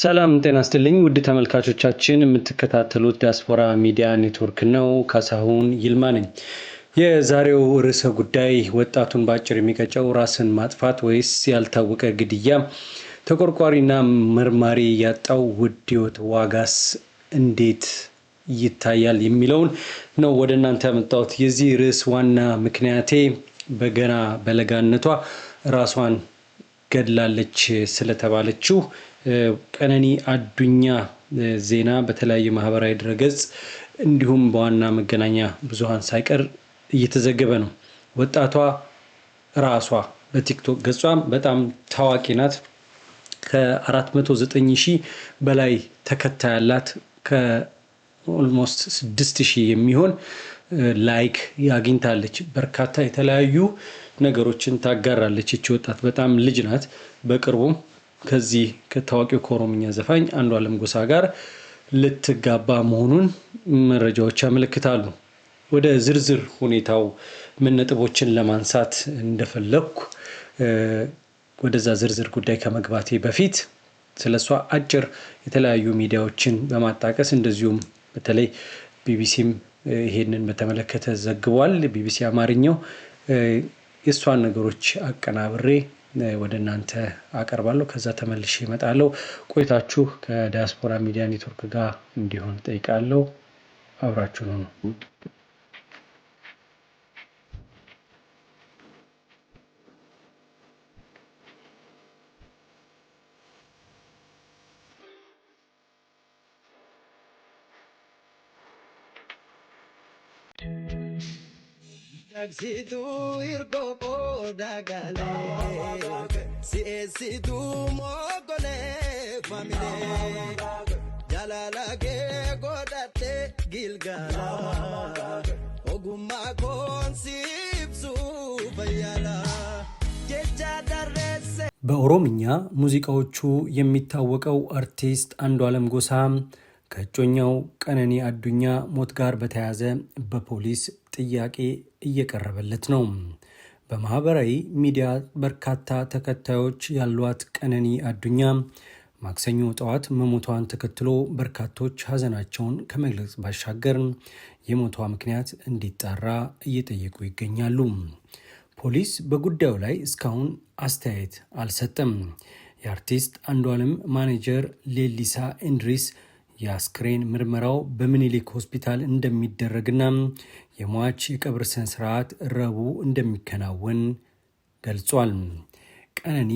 ሰላም ጤና ስትልኝ ውድ ተመልካቾቻችን የምትከታተሉት ዲያስፖራ ሚዲያ ኔትወርክ ነው። ካሳሁን ይልማ ነኝ። የዛሬው ርዕሰ ጉዳይ ወጣቱን በአጭር የሚቀጨው ራስን ማጥፋት ወይስ ያልታወቀ ግድያ? ተቆርቋሪና መርማሪ ያጣው ውድ ዋጋስ እንዴት ይታያል? የሚለውን ነው ወደ እናንተ ያመጣሁት። የዚህ ርዕስ ዋና ምክንያቴ በገና በለጋነቷ ራሷን ገድላለች ስለተባለችው ቀነኒ አዱኛ ዜና በተለያዩ ማህበራዊ ድረገጽ እንዲሁም በዋና መገናኛ ብዙሃን ሳይቀር እየተዘገበ ነው። ወጣቷ ራሷ በቲክቶክ ገጿ በጣም ታዋቂ ናት። ከ409 ሺህ በላይ ተከታይ ያላት ከኦልሞስት 6 ሺህ የሚሆን ላይክ አግኝታለች። በርካታ የተለያዩ ነገሮችን ታጋራለች። ይቺ ወጣት በጣም ልጅ ናት። በቅርቡም ከዚህ ከታዋቂው ከኦሮምኛ ዘፋኝ አንዷለም ጎሳ ጋር ልትጋባ መሆኑን መረጃዎች ያመለክታሉ። ወደ ዝርዝር ሁኔታው ምን ነጥቦችን ለማንሳት እንደፈለግኩ ወደዛ ዝርዝር ጉዳይ ከመግባቴ በፊት ስለ እሷ አጭር የተለያዩ ሚዲያዎችን በማጣቀስ እንደዚሁም በተለይ ቢቢሲም ይሄንን በተመለከተ ዘግቧል። ቢቢሲ አማርኛው የእሷን ነገሮች አቀናብሬ ወደ እናንተ አቀርባለሁ። ከዛ ተመልሼ እመጣለሁ። ቆይታችሁ ከዲያስፖራ ሚዲያ ኔትወርክ ጋር እንዲሆን ጠይቃለሁ። አብራችሁን ሁኑ። Situ በኦሮምኛ ሙዚቃዎቹ የሚታወቀው አርቲስት አንዱ አለም ጎሳ ከእጮኛው ቀነኒ አዱኛ ሞት ጋር በተያያዘ በፖሊስ ጥያቄ እየቀረበለት ነው። በማህበራዊ ሚዲያ በርካታ ተከታዮች ያሏት ቀነኒ አዱኛ ማክሰኞ ጠዋት መሞቷን ተከትሎ በርካቶች ሀዘናቸውን ከመግለጽ ባሻገር የሞቷ ምክንያት እንዲጣራ እየጠየቁ ይገኛሉ። ፖሊስ በጉዳዩ ላይ እስካሁን አስተያየት አልሰጠም። የአርቲስት አንዷለም ማኔጀር ሌሊሳ ኢንድሪስ የአስክሬን ምርመራው በምኒልክ ሆስፒታል እንደሚደረግና የሟች የቀብር ስነ ስርዓት ረቡዕ እንደሚከናወን ገልጿል። ቀነኒ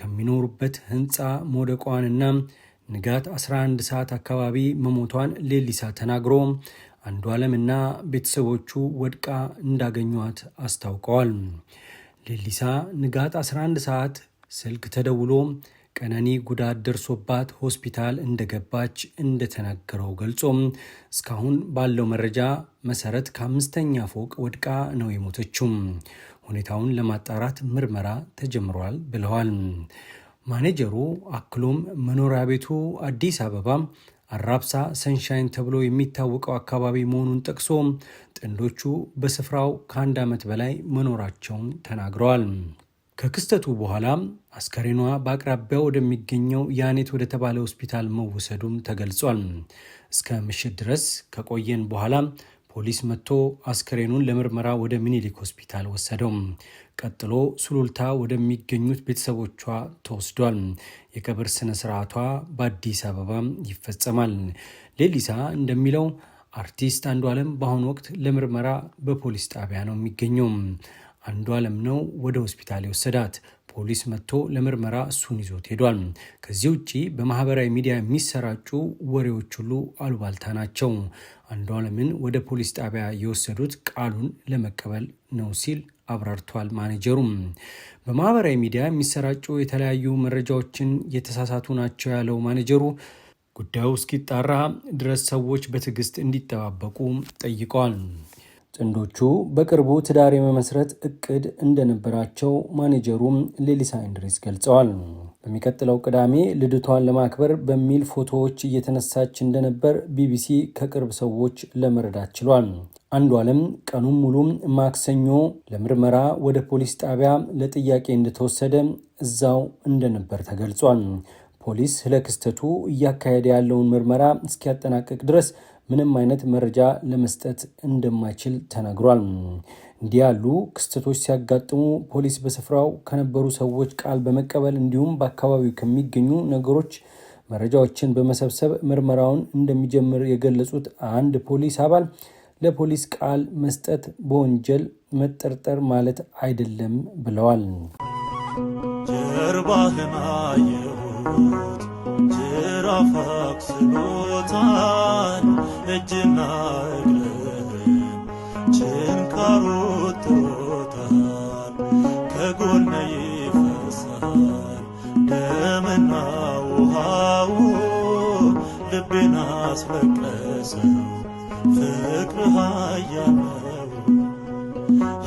ከሚኖሩበት ህንፃ መውደቋንና ንጋት 11 ሰዓት አካባቢ መሞቷን ሌሊሳ ተናግሮ አንዷለምና ቤተሰቦቹ ወድቃ እንዳገኟት አስታውቀዋል። ሌሊሳ ንጋት 11 ሰዓት ስልክ ተደውሎ ቀነኒ ጉዳት ደርሶባት ሆስፒታል እንደገባች እንደተናገረው ገልጾም እስካሁን ባለው መረጃ መሰረት ከአምስተኛ ፎቅ ወድቃ ነው የሞተችው። ሁኔታውን ለማጣራት ምርመራ ተጀምሯል ብለዋል። ማኔጀሩ አክሎም መኖሪያ ቤቱ አዲስ አበባ አራብሳ ሰንሻይን ተብሎ የሚታወቀው አካባቢ መሆኑን ጠቅሶ ጥንዶቹ በስፍራው ከአንድ ዓመት በላይ መኖራቸውን ተናግረዋል። ከክስተቱ በኋላ አስከሬኗ በአቅራቢያው ወደሚገኘው ያኔት ወደተባለ ሆስፒታል መወሰዱም ተገልጿል። እስከ ምሽት ድረስ ከቆየን በኋላ ፖሊስ መጥቶ አስከሬኑን ለምርመራ ወደ ሚኒሊክ ሆስፒታል ወሰደው። ቀጥሎ ሱሉልታ ወደሚገኙት ቤተሰቦቿ ተወስዷል። የቀብር ስነ ስርዓቷ በአዲስ አበባ ይፈጸማል። ሌሊሳ እንደሚለው አርቲስት አንዱ አለም በአሁኑ ወቅት ለምርመራ በፖሊስ ጣቢያ ነው የሚገኘው። አንዱ አለም ነው ወደ ሆስፒታል የወሰዳት። ፖሊስ መጥቶ ለምርመራ እሱን ይዞት ሄዷል። ከዚህ ውጭ በማህበራዊ ሚዲያ የሚሰራጩ ወሬዎች ሁሉ አሉባልታ ናቸው። አንዱ አለምን ወደ ፖሊስ ጣቢያ የወሰዱት ቃሉን ለመቀበል ነው ሲል አብራርቷል። ማኔጀሩም በማህበራዊ ሚዲያ የሚሰራጩ የተለያዩ መረጃዎችን የተሳሳቱ ናቸው ያለው ማኔጀሩ ጉዳዩ እስኪጣራ ድረስ ሰዎች በትዕግስት እንዲጠባበቁ ጠይቀዋል። ጥንዶቹ በቅርቡ ትዳር የመመስረት እቅድ እንደነበራቸው ማኔጀሩም ሌሊሳ ኢንድሪስ ገልጸዋል። በሚቀጥለው ቅዳሜ ልደቷን ለማክበር በሚል ፎቶዎች እየተነሳች እንደነበር ቢቢሲ ከቅርብ ሰዎች ለመረዳት ችሏል። አንዱ ዓለም ቀኑን ሙሉም ማክሰኞ ለምርመራ ወደ ፖሊስ ጣቢያ ለጥያቄ እንደተወሰደ እዛው እንደነበር ተገልጿል። ፖሊስ ለክስተቱ እያካሄደ ያለውን ምርመራ እስኪያጠናቅቅ ድረስ ምንም አይነት መረጃ ለመስጠት እንደማይችል ተናግሯል። እንዲህ ያሉ ክስተቶች ሲያጋጥሙ ፖሊስ በስፍራው ከነበሩ ሰዎች ቃል በመቀበል እንዲሁም በአካባቢው ከሚገኙ ነገሮች መረጃዎችን በመሰብሰብ ምርመራውን እንደሚጀምር የገለጹት አንድ ፖሊስ አባል ለፖሊስ ቃል መስጠት በወንጀል መጠርጠር ማለት አይደለም ብለዋል። ጀርባህን አፋፍስሎታል እጅና እግርን ችንካሩ ጥሮታል። ከጎነ ይፈሳል ደምና ውሃው ልቤን አስለቀሰ ፍቅር ሃያለው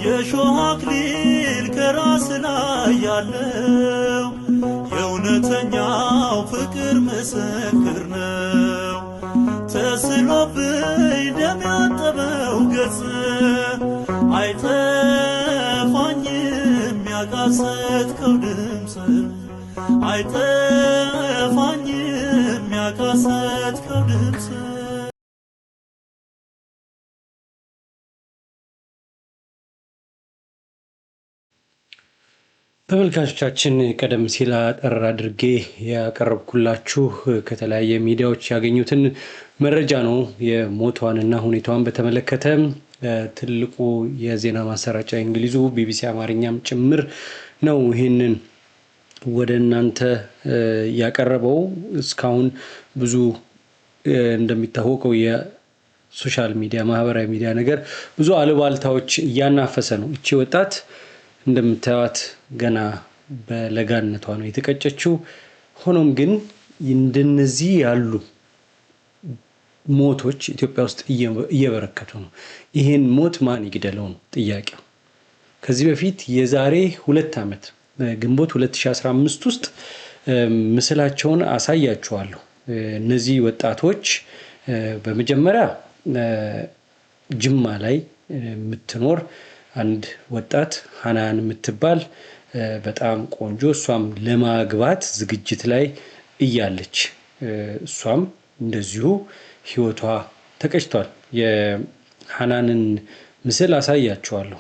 የሾህ አክሊል ከራስ ላይ ያለው እውነተኛው ፍቅር ምስክር ነው። ተስሎብኝ ደም ያጠበው ገጽ አይጠፋኝም ያቃሰትከው ድምፅ አይጠ ተመልካቾቻችን ቀደም ሲል አጠር አድርጌ ያቀረብኩላችሁ ከተለያየ ሚዲያዎች ያገኙትን መረጃ ነው። የሞቷንና ሁኔታዋን በተመለከተ ትልቁ የዜና ማሰራጫ የእንግሊዙ ቢቢሲ አማርኛም ጭምር ነው ይህንን ወደ እናንተ ያቀረበው። እስካሁን ብዙ እንደሚታወቀው የሶሻል ሚዲያ ማህበራዊ ሚዲያ ነገር ብዙ አልባልታዎች እያናፈሰ ነው። እቺ ወጣት እንደምታዩት ገና በለጋነቷ ነው የተቀጨችው። ሆኖም ግን እንደነዚህ ያሉ ሞቶች ኢትዮጵያ ውስጥ እየበረከቱ ነው። ይህን ሞት ማን ይግደለው ነው ጥያቄው። ከዚህ በፊት የዛሬ ሁለት ዓመት ግንቦት 2015 ውስጥ ምስላቸውን አሳያችኋለሁ። እነዚህ ወጣቶች በመጀመሪያ ጅማ ላይ የምትኖር አንድ ወጣት ሀናን የምትባል በጣም ቆንጆ እሷም ለማግባት ዝግጅት ላይ እያለች እሷም እንደዚሁ ህይወቷ ተቀጭቷል። የሀናንን ምስል አሳያችኋለሁ።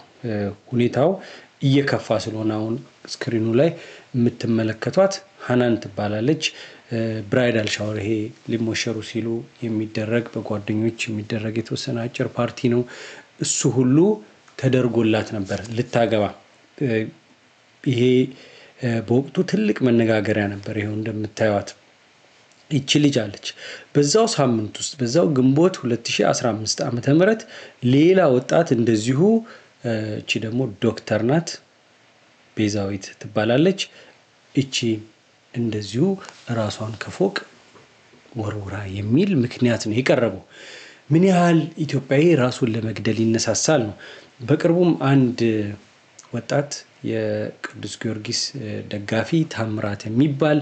ሁኔታው እየከፋ ስለሆነ አሁን ስክሪኑ ላይ የምትመለከቷት ሀናን ትባላለች። ብራይዳል ሻወር ይሄ ሊሞሸሩ ሲሉ የሚደረግ በጓደኞች የሚደረግ የተወሰነ አጭር ፓርቲ ነው። እሱ ሁሉ ተደርጎላት ነበር ልታገባ። ይሄ በወቅቱ ትልቅ መነጋገሪያ ነበር። ይኸው እንደምታዩት ይቺ ልጅ አለች። በዛው ሳምንት ውስጥ በዛው ግንቦት 2015 ዓ ምህረት ሌላ ወጣት እንደዚሁ እቺ ደግሞ ዶክተር ናት፣ ቤዛዊት ትባላለች። እቺ እንደዚሁ ራሷን ከፎቅ ወርውራ የሚል ምክንያት ነው የቀረበው። ምን ያህል ኢትዮጵያዊ ራሱን ለመግደል ይነሳሳል ነው። በቅርቡም አንድ ወጣት የቅዱስ ጊዮርጊስ ደጋፊ ታምራት የሚባል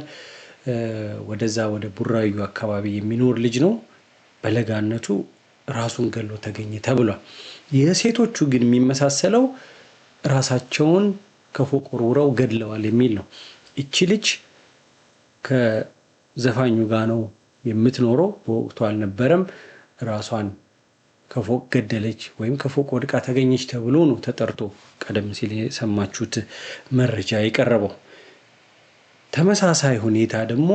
ወደዛ ወደ ቡራዩ አካባቢ የሚኖር ልጅ ነው። በለጋነቱ ራሱን ገሎ ተገኘ ተብሏል። የሴቶቹ ግን የሚመሳሰለው ራሳቸውን ከፎቅ ወርውረው ገድለዋል የሚል ነው። እቺ ልጅ ከዘፋኙ ጋ ነው የምትኖረው። በወቅቱ አልነበረም። ራሷን ከፎቅ ገደለች ወይም ከፎቅ ወድቃ ተገኘች ተብሎ ነው ተጠርቶ ቀደም ሲል የሰማችሁት መረጃ የቀረበው። ተመሳሳይ ሁኔታ ደግሞ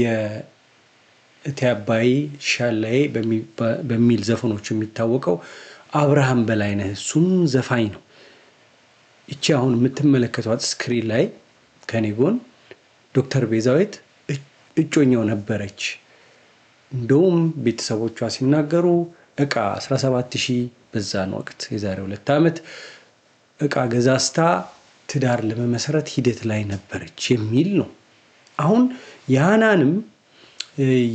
የእቴ አባይ ሻላዬ በሚል ዘፈኖች የሚታወቀው አብርሃም በላይነህ እሱም ዘፋኝ ነው። እቺ አሁን የምትመለከቷት ስክሪን ላይ ከኔ ጎን ዶክተር ቤዛዊት እጮኛው ነበረች። እንደውም ቤተሰቦቿ ሲናገሩ እቃ 17 ሺህ በዛን ወቅት የዛሬ ሁለት ዓመት እቃ ገዛስታ ትዳር ለመመሰረት ሂደት ላይ ነበረች የሚል ነው። አሁን የሃናንም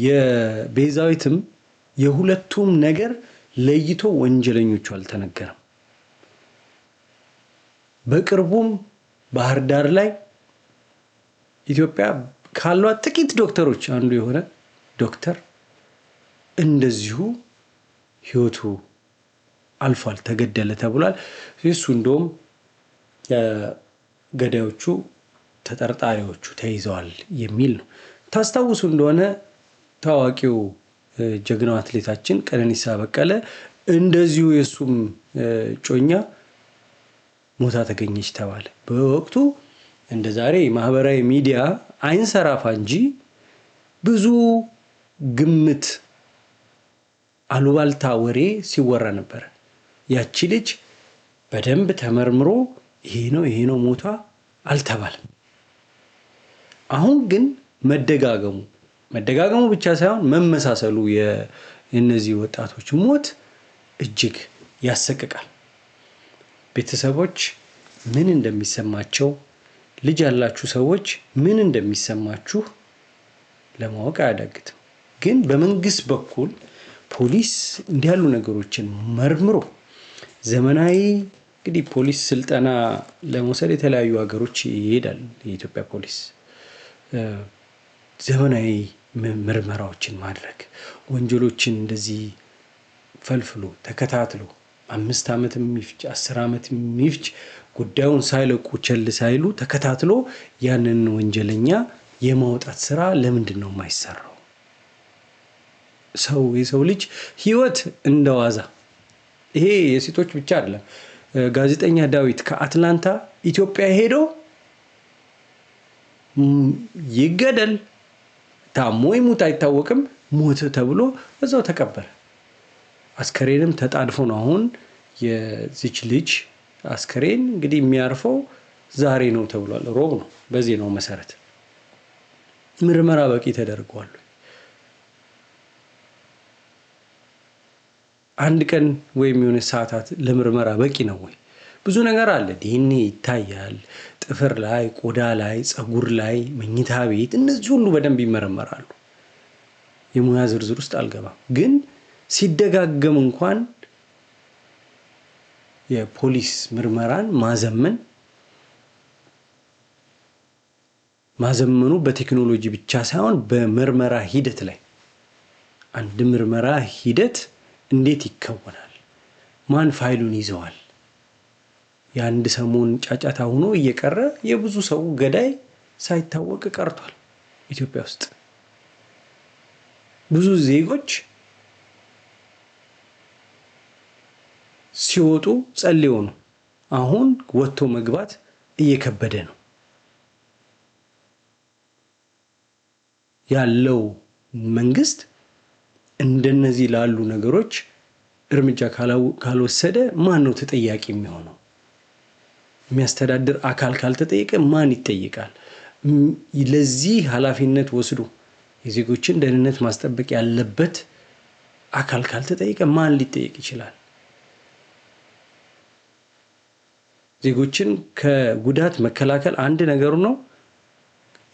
የቤዛዊትም የሁለቱም ነገር ለይቶ ወንጀለኞቹ አልተነገረም። በቅርቡም ባህር ዳር ላይ ኢትዮጵያ ካሏት ጥቂት ዶክተሮች አንዱ የሆነ ዶክተር እንደዚሁ ህይወቱ አልፏል፣ ተገደለ ተብሏል። እሱ እንደውም ገዳዮቹ ተጠርጣሪዎቹ ተይዘዋል የሚል ነው። ታስታውሱ እንደሆነ ታዋቂው ጀግናው አትሌታችን ቀነኒሳ በቀለ እንደዚሁ የእሱም ጮኛ ሞታ ተገኘች ተባለ። በወቅቱ እንደ ዛሬ ማህበራዊ ሚዲያ አይንሰራፋ እንጂ ብዙ ግምት አሉባልታ ወሬ ሲወራ ነበር። ያቺ ልጅ በደንብ ተመርምሮ ይሄ ነው ይሄ ነው ሞቷ አልተባለም። አሁን ግን መደጋገሙ መደጋገሙ ብቻ ሳይሆን መመሳሰሉ የእነዚህ ወጣቶች ሞት እጅግ ያሰቅቃል። ቤተሰቦች ምን እንደሚሰማቸው፣ ልጅ ያላችሁ ሰዎች ምን እንደሚሰማችሁ ለማወቅ አያዳግትም። ግን በመንግስት በኩል ፖሊስ እንዲህ ያሉ ነገሮችን መርምሮ ዘመናዊ እንግዲህ ፖሊስ ስልጠና ለመውሰድ የተለያዩ ሀገሮች ይሄዳል። የኢትዮጵያ ፖሊስ ዘመናዊ ምርመራዎችን ማድረግ ወንጀሎችን እንደዚህ ፈልፍሎ ተከታትሎ አምስት ዓመት የሚፍጭ አስር ዓመት የሚፍጭ ጉዳዩን ሳይለቁ ቸል ሳይሉ ተከታትሎ ያንን ወንጀለኛ የማውጣት ስራ ለምንድን ነው የማይሰራው? ሰው የሰው ልጅ ህይወት እንደዋዛ ይሄ የሴቶች ብቻ አይደለም። ጋዜጠኛ ዳዊት ከአትላንታ ኢትዮጵያ ሄዶ ይገደል ታሞ ይሙት አይታወቅም፣ ሞት ተብሎ እዛው ተቀበረ። አስከሬንም ተጣድፎ ነው። አሁን የዚች ልጅ አስከሬን እንግዲህ የሚያርፈው ዛሬ ነው ተብሏል። ሮብ ነው። በዚህ ነው መሰረት ምርመራ በቂ ተደርጓል። አንድ ቀን ወይም የሆነ ሰዓታት ለምርመራ በቂ ነው ወይ? ብዙ ነገር አለ። ዲኤንኤ ይታያል፣ ጥፍር ላይ፣ ቆዳ ላይ፣ ፀጉር ላይ፣ መኝታ ቤት፣ እነዚህ ሁሉ በደንብ ይመረመራሉ። የሙያ ዝርዝር ውስጥ አልገባም፣ ግን ሲደጋገም እንኳን የፖሊስ ምርመራን ማዘመን ማዘመኑ በቴክኖሎጂ ብቻ ሳይሆን በምርመራ ሂደት ላይ አንድ ምርመራ ሂደት እንዴት ይከወናል? ማን ፋይሉን ይዘዋል? የአንድ ሰሞን ጫጫታ ሆኖ እየቀረ የብዙ ሰው ገዳይ ሳይታወቅ ቀርቷል። ኢትዮጵያ ውስጥ ብዙ ዜጎች ሲወጡ ጸልዮ ነው። አሁን ወጥቶ መግባት እየከበደ ነው ያለው መንግስት እንደነዚህ ላሉ ነገሮች እርምጃ ካልወሰደ ማን ነው ተጠያቂ የሚሆነው? የሚያስተዳድር አካል ካልተጠየቀ ማን ይጠይቃል? ለዚህ ኃላፊነት ወስዶ የዜጎችን ደህንነት ማስጠበቅ ያለበት አካል ካልተጠየቀ ማን ሊጠየቅ ይችላል? ዜጎችን ከጉዳት መከላከል አንድ ነገሩ ነው።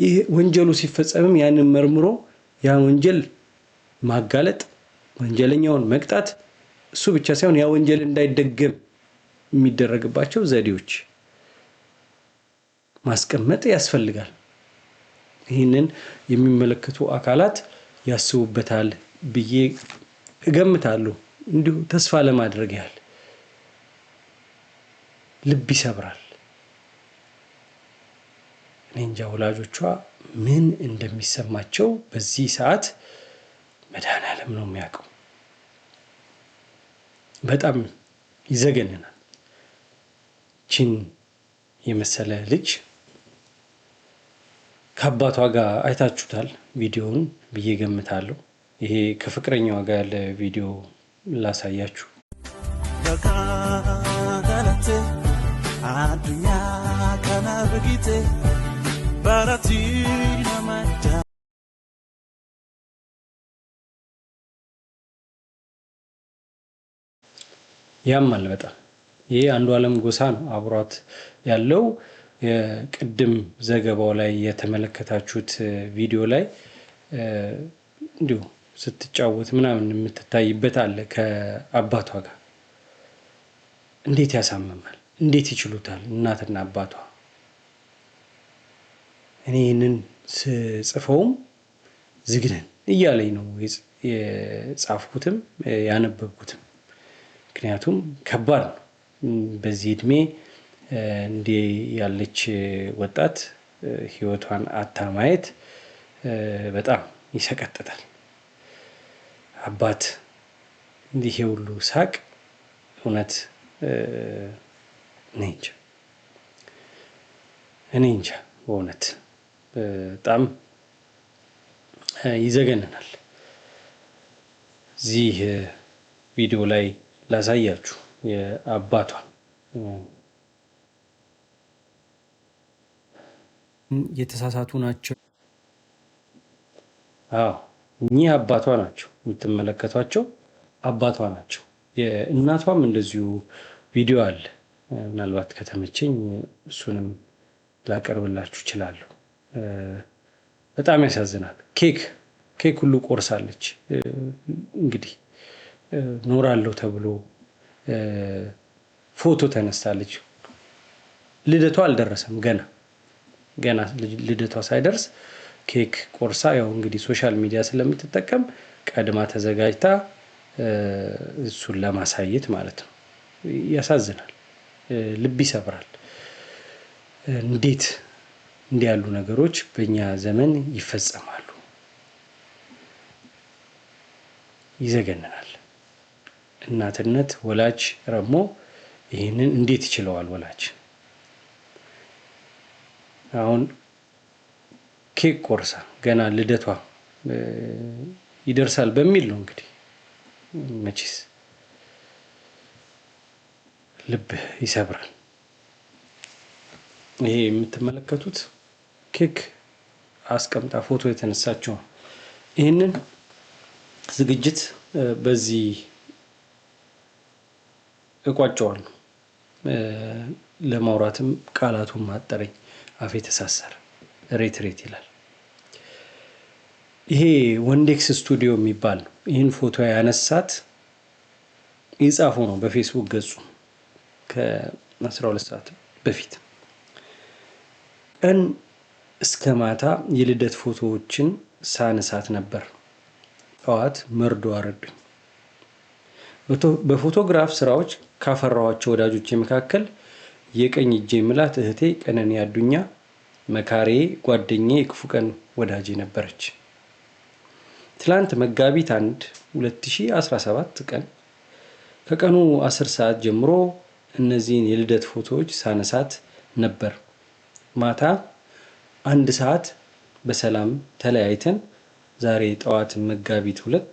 ይህ ወንጀሉ ሲፈጸምም ያንን መርምሮ ያ ወንጀል ማጋለጥ፣ ወንጀለኛውን መቅጣት፣ እሱ ብቻ ሳይሆን ያ ወንጀል እንዳይደገም የሚደረግባቸው ዘዴዎች ማስቀመጥ ያስፈልጋል። ይህንን የሚመለከቱ አካላት ያስቡበታል ብዬ እገምታለሁ። እንዲሁ ተስፋ ለማድረግ ያህል ልብ ይሰብራል። እኔ እንጃ ወላጆቿ ምን እንደሚሰማቸው በዚህ ሰዓት መድኃኔዓለም ነው የሚያውቀው። በጣም ይዘገንናል። ቺን የመሰለ ልጅ ከአባቷ ጋር አይታችሁታል ቪዲዮውን ብዬ ገምታለሁ። ይሄ ከፍቅረኛዋ ጋር ያለ ቪዲዮ ላሳያችሁ። አዱኛ ከነብጊት በረቲ ያም በጣም። ይሄ አንዱ አለም ጎሳ ነው አብሯት ያለው። የቅድም ዘገባው ላይ የተመለከታችሁት ቪዲዮ ላይ እንዲሁ ስትጫወት ምናምን የምትታይበት አለ ከአባቷ ጋር። እንዴት ያሳምማል! እንዴት ይችሉታል እናትና አባቷ። እኔ ይህንን ስጽፈውም ዝግነን እያለኝ ነው የጻፍኩትም ያነበብኩትም። ምክንያቱም ከባድ ነው። በዚህ እድሜ እንዲ ያለች ወጣት ህይወቷን አታ ማየት በጣም ይሰቀጥታል። አባት እንዲህ የሁሉ ሳቅ እውነት እኔ እንጃ እኔ እንጃ በእውነት በጣም ይዘገንናል። እዚህ ቪዲዮ ላይ ላሳያችሁ የአባቷ የተሳሳቱ ናቸው። አዎ እኚህ አባቷ ናቸው የምትመለከቷቸው፣ አባቷ ናቸው። የእናቷም እንደዚሁ ቪዲዮ አለ። ምናልባት ከተመቸኝ እሱንም ላቀርብላችሁ እችላለሁ። በጣም ያሳዝናል። ኬክ ኬክ ሁሉ ቆርሳለች እንግዲህ ኖራለሁ ተብሎ ፎቶ ተነሳለች። ልደቷ አልደረሰም ገና ገና ልደቷ ሳይደርስ ኬክ ቆርሳ፣ ያው እንግዲህ ሶሻል ሚዲያ ስለምትጠቀም ቀድማ ተዘጋጅታ እሱን ለማሳየት ማለት ነው። ያሳዝናል፣ ልብ ይሰብራል። እንዴት እንዲህ ያሉ ነገሮች በእኛ ዘመን ይፈጸማሉ? ይዘገንናል። እናትነት ወላጅ ረሞ ይህንን እንዴት ይችለዋል? ወላጅ አሁን ኬክ ቆርሳ ገና ልደቷ ይደርሳል በሚል ነው እንግዲህ መቼስ ልብ ይሰብራል። ይሄ የምትመለከቱት ኬክ አስቀምጣ ፎቶ የተነሳችው ይህንን ዝግጅት በዚህ እቋጨዋለሁ። ለማውራትም ቃላቱን ማጠረኝ አፌ ተሳሰረ። ሬት ሬት ይላል። ይሄ ወንዴክስ ስቱዲዮ የሚባል ነው። ይህን ፎቶ ያነሳት የጻፈው ነው በፌስቡክ ገጹ ከ12 ሰዓት በፊት እን እስከ ማታ የልደት ፎቶዎችን ሳነሳት ነበር። ጠዋት መርዶ አረዱኝ። በፎቶግራፍ ስራዎች ካፈራኋቸው ወዳጆቼ መካከል የቀኝ እጄ ምላት እህቴ ቀነኒ አዱኛ መካሬ ጓደኛ የክፉ ቀን ወዳጄ ነበረች። ትላንት መጋቢት 1 2017 ቀን ከቀኑ 10 ሰዓት ጀምሮ እነዚህን የልደት ፎቶዎች ሳነሳት ነበር። ማታ አንድ ሰዓት በሰላም ተለያይተን ዛሬ ጠዋት መጋቢት ሁለት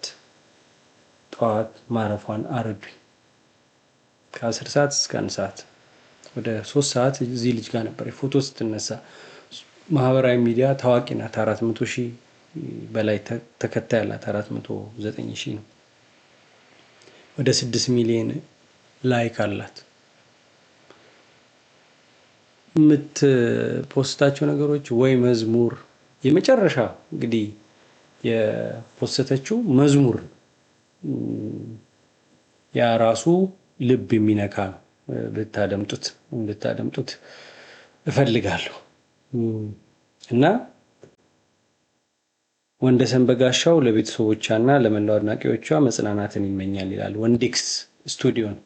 ጠዋት ማረፏን አረዱኝ። ከአስር ሰዓት እስከ አንድ ሰዓት ወደ ሶስት ሰዓት እዚህ ልጅ ጋር ነበር ፎቶ ስትነሳ። ማህበራዊ ሚዲያ ታዋቂ ናት። አራት መቶ ሺህ በላይ ተከታይ ያላት አራት መቶ ዘጠኝ ሺህ ነው። ወደ ስድስት ሚሊዮን ላይክ አላት። የምትፖስታቸው ነገሮች ወይ መዝሙር የመጨረሻ እንግዲህ የፖስተችው መዝሙር ነው ያ ራሱ ልብ የሚነካ ነው። ብታደምጡት ብታደምጡት እፈልጋለሁ እና ወንደሰን በጋሻው ለቤተሰቦቿና ለመላው አድናቂዎቿ መጽናናትን ይመኛል ይላል። ወንዴክስ ስቱዲዮን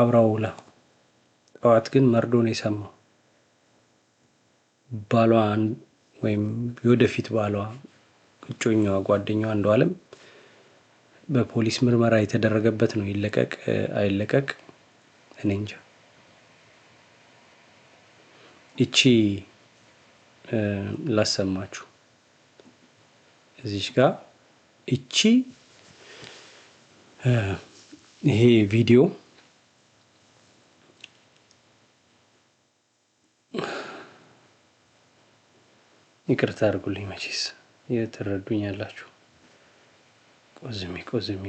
አብራው ውላ ጠዋት ግን መርዶን የሰማው ባሏ ወይም የወደፊት ባሏ እጮኛዋ ጓደኛዋ አንዷለም በፖሊስ ምርመራ የተደረገበት ነው። ይለቀቅ አይለቀቅ እኔ እንጃ። እቺ ላሰማችሁ እዚች ጋር እቺ ይሄ ቪዲዮ ይቅርታ አድርጉልኝ መቼስ ቆዝሚ ቆዝሚ ቆዝሜ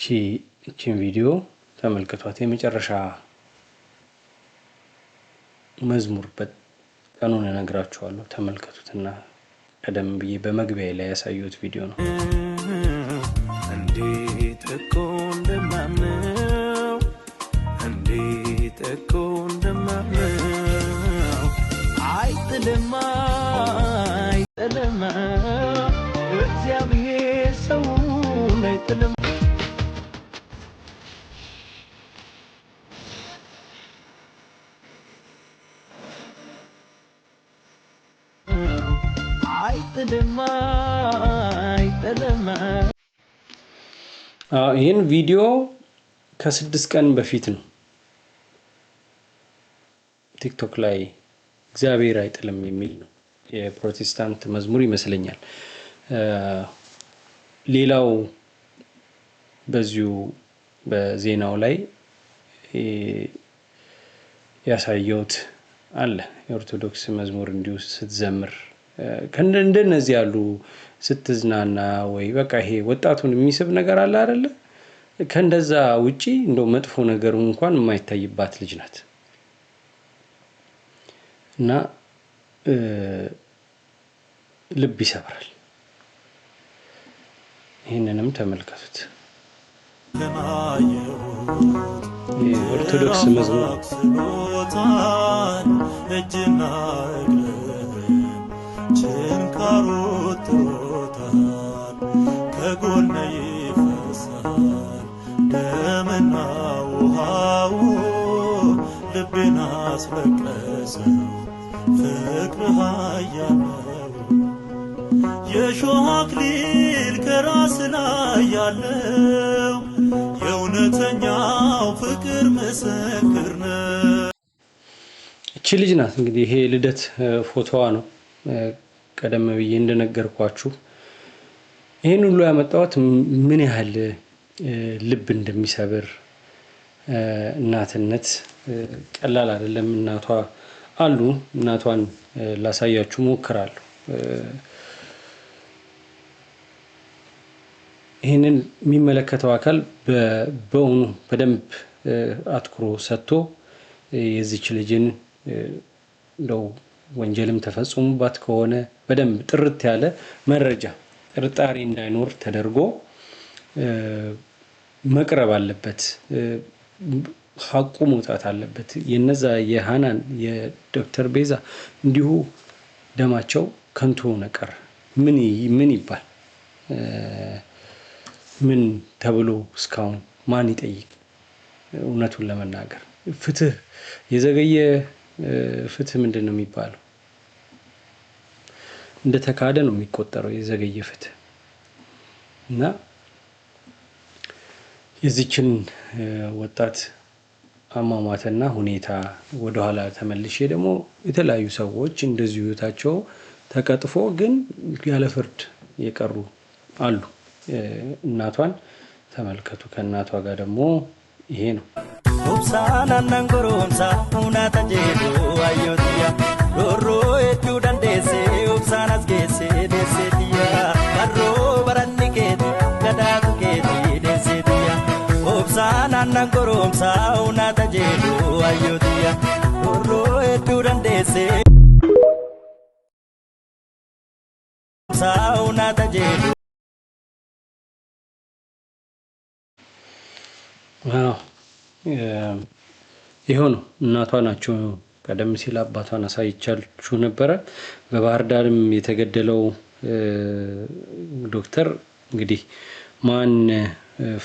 ቺ እቺን ቪዲዮ ተመልክቷት። የመጨረሻ መዝሙር ቀኑን እነግራችኋለሁ። ተመልከቱትና ቀደም ብዬ በመግቢያ ላይ ያሳዩት ቪዲዮ ነው። እንዴት እኮ እንደማምነው እንዴት እኮ እንደማምነው አይጥልማ አይጥልም እግዚአብሔር ሰውን አይጥልም። ይህን ቪዲዮ ከስድስት ቀን በፊት ነው ቲክቶክ ላይ እግዚአብሔር አይጥልም የሚል ነው። የፕሮቴስታንት መዝሙር ይመስለኛል። ሌላው በዚሁ በዜናው ላይ ያሳየውት አለ የኦርቶዶክስ መዝሙር እንዲሁ ስትዘምር እንደነዚህ ያሉ ስትዝናና ወይ በቃ ይሄ ወጣቱን የሚስብ ነገር አለ አይደለ? ከእንደዛ ውጪ እንደው መጥፎ ነገሩ እንኳን የማይታይባት ልጅ ናት እና ልብ ይሰብራል። ይህንንም ተመልከቱት። የኦርቶዶክስ መዝሙር እጅና ችንካሩ ጥሮታል ከጎነ ይፈሳል ደምና ውሃው ልቤን አስለቀሰው። ፍቅርህ ኃያል የሾህ አክሊል ከራስ ላይ ያለው የእውነተኛው ፍቅር ምስክር ነው። እቺ ልጅ ናት እንግዲህ ይሄ ልደት ፎቶዋ ነው። ቀደም ብዬ እንደነገርኳችሁ ይህን ሁሉ ያመጣሁት ምን ያህል ልብ እንደሚሰብር እናትነት ቀላል አይደለም። እናቷ አሉ። እናቷን ላሳያችሁ ሞክራለሁ። ይህንን የሚመለከተው አካል በእውኑ በደንብ አትኩሮ ሰጥቶ የዚች ልጅን እንደው ወንጀልም ተፈጽሙባት ከሆነ በደንብ ጥርት ያለ መረጃ ጥርጣሬ እንዳይኖር ተደርጎ መቅረብ አለበት። ሀቁ መውጣት አለበት። የነዛ የሃናን የዶክተር ቤዛ እንዲሁ ደማቸው ከንቱ ሆነ ቀረ። ምን ምን ይባል ምን ተብሎ እስካሁን ማን ይጠይቅ? እውነቱን ለመናገር ፍትህ የዘገየ ፍትህ ምንድን ነው የሚባለው? እንደ ተካደ ነው የሚቆጠረው የዘገየ ፍትህ እና የዚችን ወጣት አሟሟትና ሁኔታ ወደኋላ ተመልሼ ደግሞ የተለያዩ ሰዎች እንደዚሁ ህይወታቸው ተቀጥፎ ግን ያለ ፍርድ የቀሩ አሉ። እናቷን ተመልከቱ። ከእናቷ ጋር ደግሞ ይሄ ነው። ኡብሳን jedhu eh, hedduu እናቷ ናቸው። ቀደም ሲል አባቷን አሳይቻችሁ ነበረ። በባህር ዳርም የተገደለው ዶክተር እንግዲህ ማን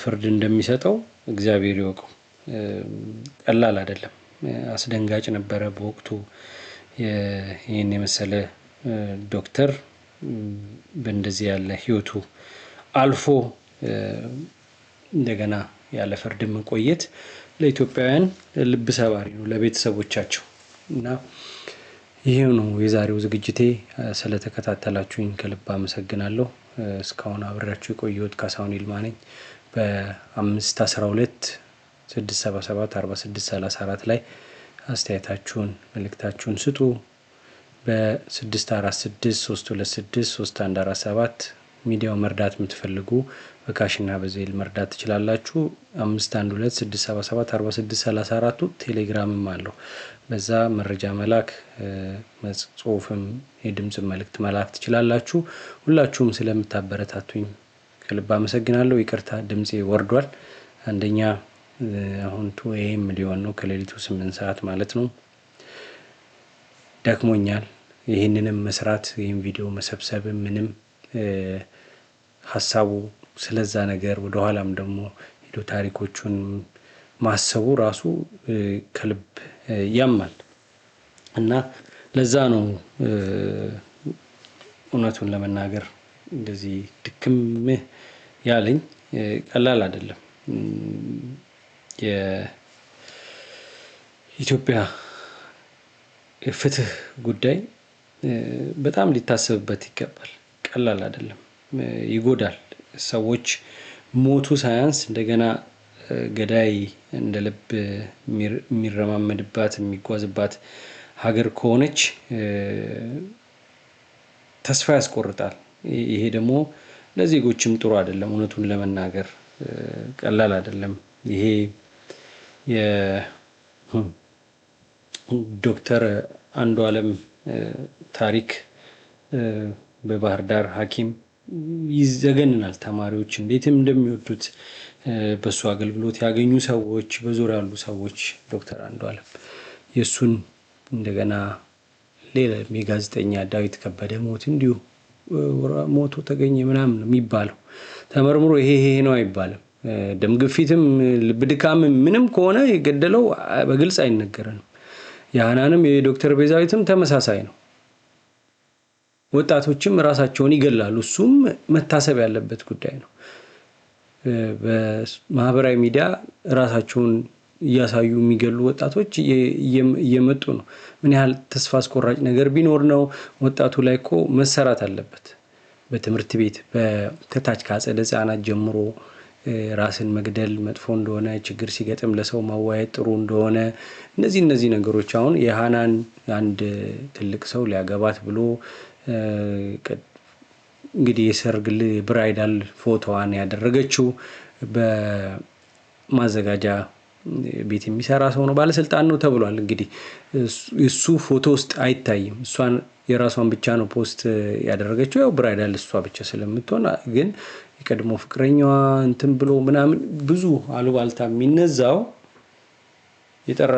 ፍርድ እንደሚሰጠው እግዚአብሔር ይወቀው። ቀላል አይደለም። አስደንጋጭ ነበረ በወቅቱ ይህን የመሰለ ዶክተር በእንደዚህ ያለ ህይወቱ አልፎ እንደገና ያለ ፍርድ መቆየት ለኢትዮጵያውያን ልብ ሰባሪ ነው፣ ለቤተሰቦቻቸው እና ይህ ነው የዛሬው ዝግጅቴ። ስለተከታተላችሁኝ ከልብ አመሰግናለሁ። እስካሁን አብሬያችሁ የቆየሁት ካሳሁን ይልማ ነኝ። በአምስት አስራ ሁለት 6774634 ላይ አስተያየታችሁን መልእክታችሁን ስጡ። በ6463263147 ሚዲያው መርዳት የምትፈልጉ በካሽና በዜል መርዳት ትችላላችሁ። 51267744634ቱ ቴሌግራምም አለው። በዛ መረጃ መላክ ጽሁፍም የድምፅ መልእክት መላክ ትችላላችሁ። ሁላችሁም ስለምታበረታቱኝ ከልብ አመሰግናለሁ። ይቅርታ ድምፄ ወርዷል አንደኛ አሁን ቱ ኤም ሊሆን ነው ከሌሊቱ ስምንት ሰዓት ማለት ነው። ደክሞኛል። ይህንንም መስራት ይህም ቪዲዮ መሰብሰብ ምንም ሀሳቡ ስለዛ ነገር ወደኋላም ደግሞ ሄዶ ታሪኮቹን ማሰቡ ራሱ ከልብ ያማል እና ለዛ ነው እውነቱን ለመናገር እንደዚህ ድክምህ ያለኝ ቀላል አይደለም። የኢትዮጵያ የፍትህ ጉዳይ በጣም ሊታሰብበት ይገባል። ቀላል አይደለም፣ ይጎዳል። ሰዎች ሞቱ ሳያንስ እንደገና ገዳይ እንደ ልብ የሚረማመድባት የሚጓዝባት ሀገር ከሆነች ተስፋ ያስቆርጣል። ይሄ ደግሞ ለዜጎችም ጥሩ አይደለም። እውነቱን ለመናገር ቀላል አይደለም ይሄ የዶክተር አንዱ አለም ታሪክ በባህር ዳር ሐኪም ይዘገንናል። ተማሪዎች እንዴትም እንደሚወዱት በእሱ አገልግሎት ያገኙ ሰዎች፣ በዙሪያ ያሉ ሰዎች ዶክተር አንዱ አለም የእሱን እንደገና ሌላ የጋዜጠኛ ዳዊት ከበደ ሞት እንዲሁ ሞቶ ተገኘ ምናምን የሚባለው ተመርምሮ ይሄ ይሄ ነው አይባልም። ደም ግፊትም ልብ ምንም ከሆነ የገደለው በግልጽ አይነገረንም። የሐናንም የዶክተር ቤዛዊትም ተመሳሳይ ነው። ወጣቶችም ራሳቸውን ይገላሉ። እሱም መታሰብ ያለበት ጉዳይ ነው። በማህበራዊ ሚዲያ ራሳቸውን እያሳዩ የሚገሉ ወጣቶች እየመጡ ነው። ምን ያህል ተስፋ አስቆራጭ ነገር ቢኖር ነው? ወጣቱ ላይ እኮ መሰራት አለበት። በትምህርት ቤት ከታች ከአጸደ ሕፃናት ጀምሮ ራስን መግደል መጥፎ እንደሆነ፣ ችግር ሲገጥም ለሰው ማዋየት ጥሩ እንደሆነ እነዚህ እነዚህ ነገሮች አሁን የሃናን አንድ ትልቅ ሰው ሊያገባት ብሎ እንግዲህ የሰርግ ብራይዳል ፎቶዋን ያደረገችው በማዘጋጃ ቤት የሚሰራ ሰው ነው፣ ባለስልጣን ነው ተብሏል። እንግዲህ እሱ ፎቶ ውስጥ አይታይም። እሷን የራሷን ብቻ ነው ፖስት ያደረገችው። ያው ብራይዳል እሷ ብቻ ስለምትሆን ግን የቀድሞ ፍቅረኛዋ እንትን ብሎ ምናምን ብዙ አሉባልታ የሚነዛው የጠራ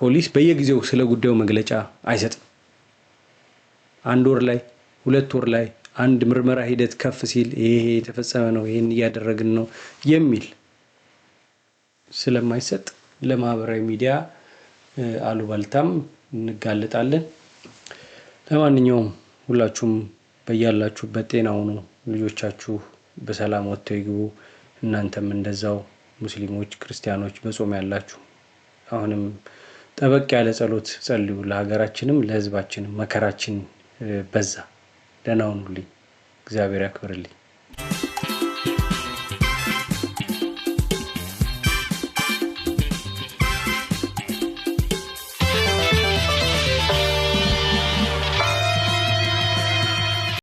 ፖሊስ በየጊዜው ስለ ጉዳዩ መግለጫ አይሰጥም። አንድ ወር ላይ ሁለት ወር ላይ አንድ ምርመራ ሂደት ከፍ ሲል ይሄ የተፈጸመ ነው፣ ይህን እያደረግን ነው የሚል ስለማይሰጥ ለማህበራዊ ሚዲያ አሉባልታም እንጋለጣለን። ለማንኛውም ሁላችሁም በያላችሁበት ጤና ሁኑ። ልጆቻችሁ በሰላም ወጥተው ይግቡ። እናንተም እንደዛው ሙስሊሞች፣ ክርስቲያኖች በጾም ያላችሁ አሁንም ጠበቅ ያለ ጸሎት ጸልዩ። ለሀገራችንም ለህዝባችንም መከራችን በዛ። ደህና ሁኑልኝ። እግዚአብሔር ያክብርልኝ።